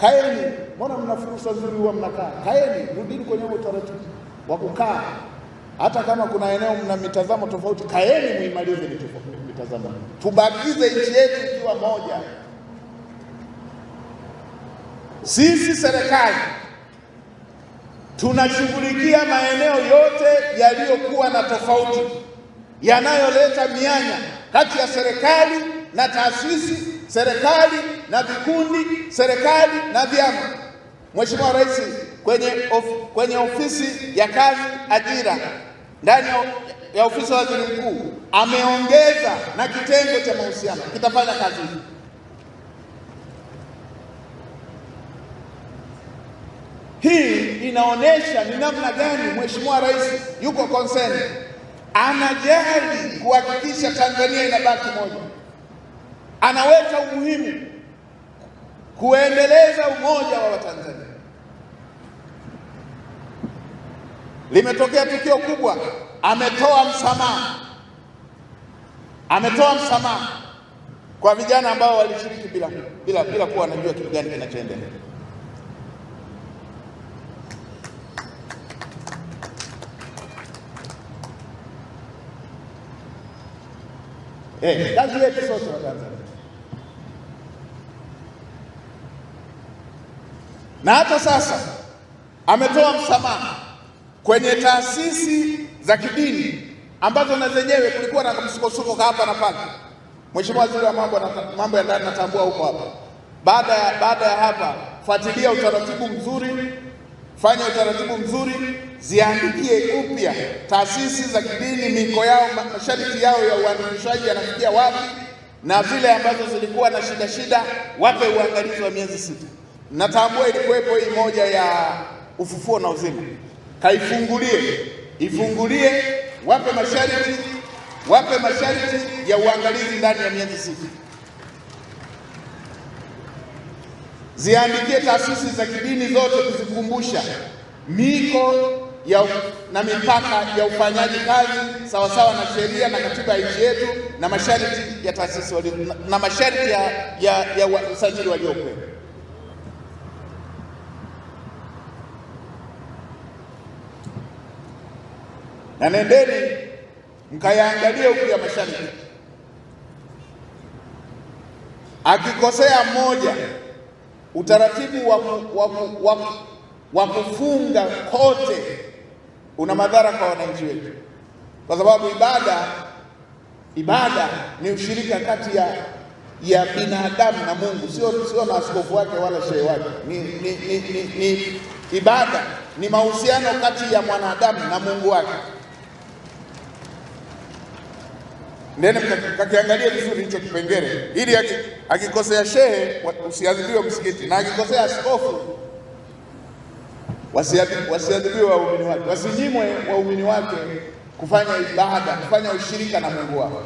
Kaeni, mbona mna fursa nzuri huwa mnakaa. Kaeni, rudini kwenye utaratibu wa kukaa, hata kama kuna eneo mna mitazamo tofauti, kaeni muimalize mitazamo, tubakize nchi yetu ikiwa moja. Sisi serikali tunashughulikia maeneo yote yaliyokuwa na tofauti yanayoleta mianya kati ya serikali na taasisi serikali na vikundi, serikali na vyama. Mheshimiwa Rais kwenye, of, kwenye ofisi ya kazi ajira ndani ya ofisi ya waziri mkuu ameongeza na kitengo cha mahusiano kitafanya kazi hii. Hii inaonyesha ni namna gani Mheshimiwa Rais yuko concerned, anajali kuhakikisha Tanzania inabaki moja anaweka umuhimu kuendeleza umoja wa Watanzania. Limetokea tukio kubwa, ametoa msamaha, ametoa msamaha kwa vijana ambao walishiriki bila, bila, bila kuwa wanajua kitu gani kinachoendelea. Eh, kazi yetu sote wa Tanzania. Na hata sasa ametoa msamaha kwenye taasisi za kidini ambazo na zenyewe kulikuwa na msukosuko hapa na pale. Mheshimiwa Waziri wa mambo, mambo ya ndani natambua huko hapa. Baada ya baada ya hapa, fuatilia utaratibu mzuri Fanya utaratibu mzuri, ziandikie upya taasisi za kidini, miko yao, masharti yao ya uandikishaji yanafikia wapi, na zile ambazo zilikuwa na shida shida wape uangalizi wa miezi sita. Natambua ilikuwepo hii moja ya ufufuo na uzima, kaifungulie, ifungulie, wape masharti, wape masharti ya uangalizi ndani ya miezi sita. ziandikie taasisi za kidini zote kuzikumbusha miko ya na mipaka ya ufanyaji kazi sawasawa na sheria na katiba ya nchi yetu na masharti ya taasisi na masharti ya, ya, ya usajili waliokuwa na nendeni mkayaangalie huku ya masharti. Akikosea mmoja Utaratibu wa, wa, wa, wa kufunga kote una madhara kwa wananchi wetu, kwa sababu ibada ibada ni ushirika kati ya ya binadamu na Mungu, sio sio na askofu wake wala shehe wake. Ni, ni, ni, ni, ni ibada ni mahusiano kati ya mwanadamu na Mungu wake. Nendeni kakiangalia vizuri hicho kipengele, ili akikosea shehe usiadhibiwe msikiti, na akikosea askofu wasiadhibiwe waumini wake, wasinyimwe waumini wake kufanya ibada, kufanya ushirika na Mungu wao.